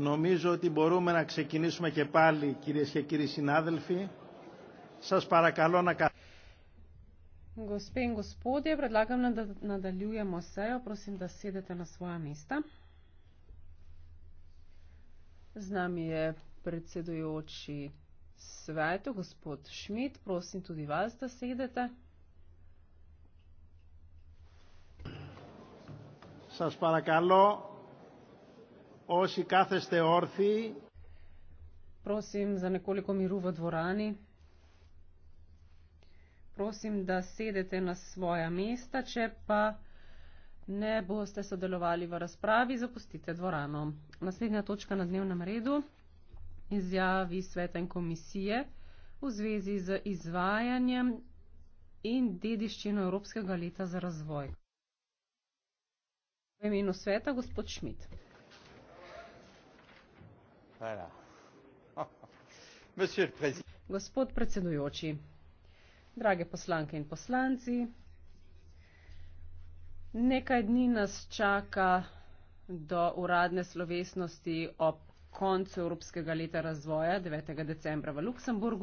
Νομίζω ότι μπορούμε να ξεκινήσουμε και πάλι κυρίες και κύριοι συνάδελφοι. Σας παρακαλώ να κα... Госпе и господи, предлагам на да надалјујемо се, опросим да седете на своја места. Знам је председујоћи свето, господ Шмид, просим туди вас да седете. Сас паракало, όσοι κάθεστε όρθιοι. Prosim za nekoliko miru v dvorani. Prosim, da sedete na svoja mesta, če pa ne boste sodelovali v razpravi, zapustite dvorano. Naslednja točka na dnevnem redu izjavi sveta in komisije v zvezi z izvajanjem in dediščino Evropskega leta za razvoj. V imenu sveta gospod Šmit. Gospod predsedujoči, drage poslanke in poslanci, nekaj dni nas čaka do uradne slovesnosti ob koncu Evropskega leta razvoja 9. decembra v Luksemburgu.